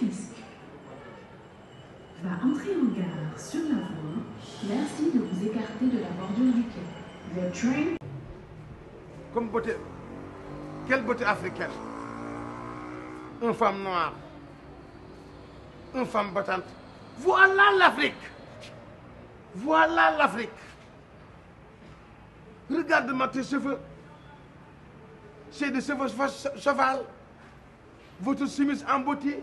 fisc va entrer en gare sur la voie. Merci de vous écarter de la bordure du quai. Le train. Comme beauté. Quelle beauté africaine Une femme noire. Une femme battante. Voilà l'Afrique. Voilà l'Afrique. Regarde-moi tes cheveux. C'est des cheveux cheval. Votre chemise en beauté.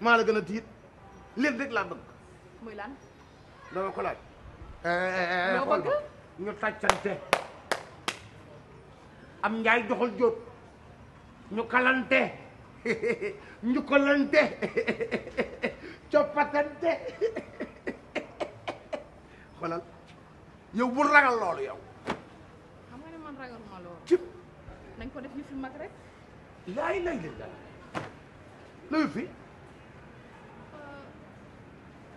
maa la gën a tiit leen rek laa bëgg. muy lan. dama ko laaj. Eh, eh, eh, loo bëgg xool ñu tàccante am njaay doxal jóot ñu kalante ñu kalante coppatante xoolal yow bu ragal loolu yow. xam nga ne man ragaluma loolu. cib nañ ko def yu fi mag rek. laay lay lay lay. fi.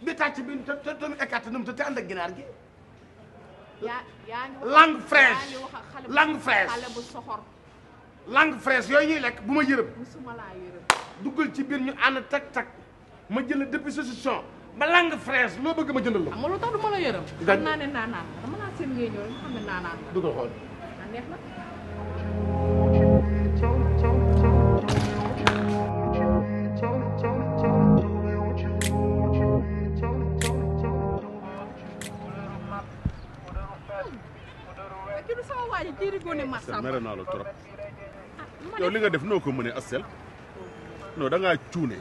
di tàcc bi te te te nu écarté nu mu te ànd ak ginaar gi. langue fraîche langue fraîche yooyu ñuy lekk bu ma yërëm. duggal ci biir ñu ànd tak tak ma jël depuis solution ba langue fraîche loo bëgg ma jëndal la. xam lu tax du ma la yërëm. xam naanaan dama naa seen ngay ñëw xam ne naanaan. dugal xool ah, Astel mere naa la trop yow li nga def noo ko mënee Astel non da ngaa cuune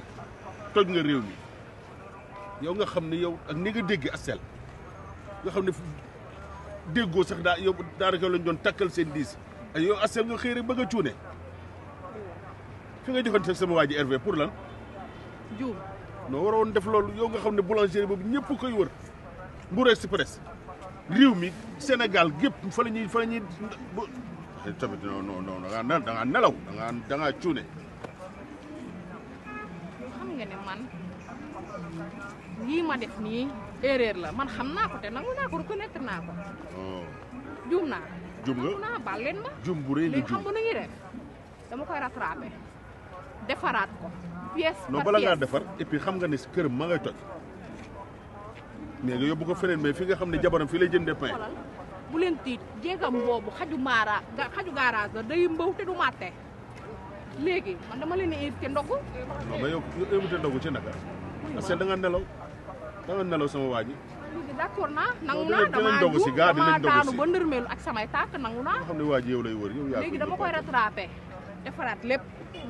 toj nga réew mi yow nga xam ne yow ak ni nga dégg Astel nga xam ne déggoo sax daa yow daanaka lañ doon takkal seen diis ak yow Astel nga xëy rek bëgg a cuune fi nga joxante sama waaj ji pour lan. juum non waroon def loolu yow nga xam ne boulangerie boobu ñëpp koy wër Mbour Express réew mi Sénégal gépp fa la ñuy fa la ñuy eh, tamit non non non da ngaa da ngaa nelaw da ngaa da ngaa cuune. xam nga ne man lii ma def nii erreur la man xam naa ko te nangu naa ko reconnaître naa ko. Oh. juum naa. juum nga naa baal leen ma. juum bu rëy nga juum xam nga nu ñuy def dama koy rattrapé defaraat ko. pièce par pièce non bala ngaa defar et puis xam nga ne kër ma ngay toj. nee nga yóbbu ko feneen mais fi nga xam ne jabaram fii lay jëndee pain. bu leen tiit jéegam boobu xaju maara xaju garage la mbaw te du màtte léegi man dama leen invité ndogu. non que da nga nelaw da nga nelaw sama waa ji. d'accord naa nangu naa damaa ju damaa daanu ba ak samay tàkk nangu naa. xam ne waa ji yow lay wër defaraat lépp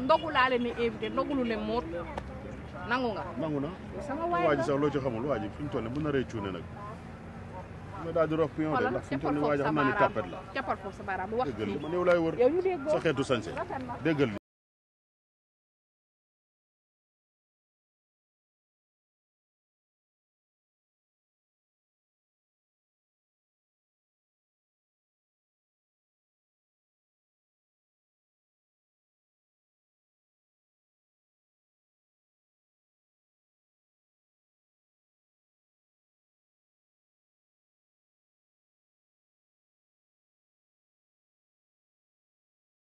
ndogu laa leen di invité nangu nga. nangu na sama waay la sax loo ci xamul waa ji fi mu toll nii bu naree cuune nag. ma daal di rox pion de ndax fi mu toll nii xam naa ni tapet la. cappaat foofu sa baaraam wax. déggal li man yow laay wër sa xeetu sañse déggal li